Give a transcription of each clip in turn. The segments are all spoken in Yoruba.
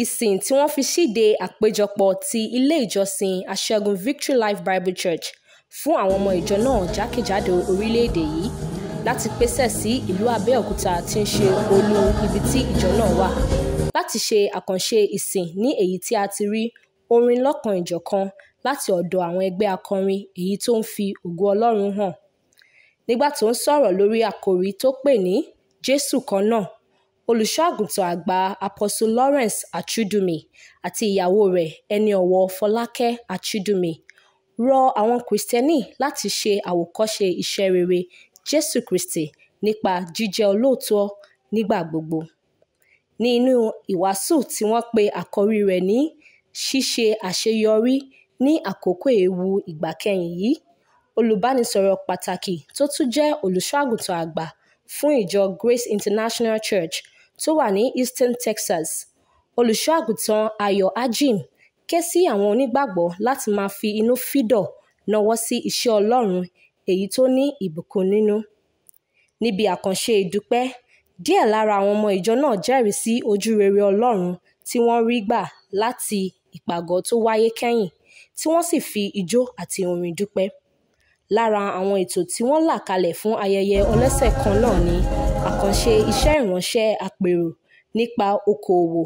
ìsìn tí wọ́n fi síde àpéjọpọ̀ ti ilé ìjọsìn aṣẹ́gun victory life bible church fún àwọn ọmọ ìjọ náà jákèjádò orílẹ̀-èdè yìí láti pèsè sí ìlú abẹ́òkúta tí ń ṣe olú ibi tí ìjọ náà wà láti ṣe àkànṣe ìsìn ní èyí tí a ti rí orin lọ́kan ìjọ̀kan láti ọ̀dọ̀ àwọn ẹgbẹ́ akọrin èyí tó ń fi ògo ọlọ́run hàn nígbà tó ń sọ̀rọ̀ lórí àkòrí tó pè ní jésù kan náà olùṣọ́-àgùntàn àgbà apostle lawrence achidúmi àti ìyàwó rẹ̀ ẹni ọ̀wọ̀ fọlákẹ́ achidúmi rọ àwọn kristẹni láti ṣe àwòkọ́ṣe iṣẹ́ rere jésù kristi nípa jíjẹ́ olóòótọ́ nígbà gbogbo ní inú ìwàásù tí wọ́n pe àkórí rẹ̀ ní ṣíṣe àṣeyọrí ní àkókò ewu ìgbàkẹyìn yìí olùbánisọ̀rọ̀ pàtàkì tó tún jẹ́ olùṣọ́ àgbà fún ìjọ grace international church tó wà ní Houston, Texas olùṣọ́àgùntàn Ayọ̀ Ajim ké sí àwọn onígbàgbọ́ láti máa fi inú fídọ̀ náwó sí iṣẹ́ Ọlọ́run èyí tó ní ìbùkún nínú. Níbi àkànṣe ìdúpẹ́ díẹ̀ lára àwọn ọmọ ìjọ náà jẹ́rìí sí ojú rere Ọlọ́run tí wọ́n rí gbà láti ìpàgọ́ tó wáyé kẹ́yìn tí wọ́n sì fi ijó àti orin dúpẹ́. Lára àwọn ètò tí wọ́n là kalẹ̀ fún ayẹyẹ ọlọ́sẹ̀ kan náà ni àkànṣe iṣẹ́ ìránṣẹ́ àpérò nípa okòòwò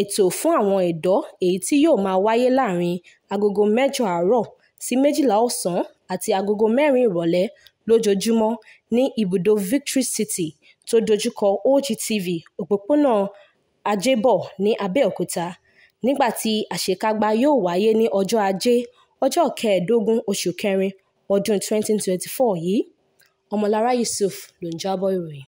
ètò fún àwọn ọ̀dọ́ èyí tí yóò máa wáyé láàárín agogo mẹ́jọ àárọ̀ sí méjìlá ọ̀sán àti agogo mẹ́rin ìrọ̀lẹ́ lójoojúmọ́ ní ibùdó victory city tó dojúkọ ogtv òpópónà ajébọ̀ ní abẹ́òkúta nígbà tí àṣekágbá yóò wáyé ní ọjọ́ ajé ọjọ́ kẹẹ̀ẹ́dógún oṣù kẹrin ọdún 2024 yìí ọmọlára yusuf ló ń jábọ̀ ìròyìn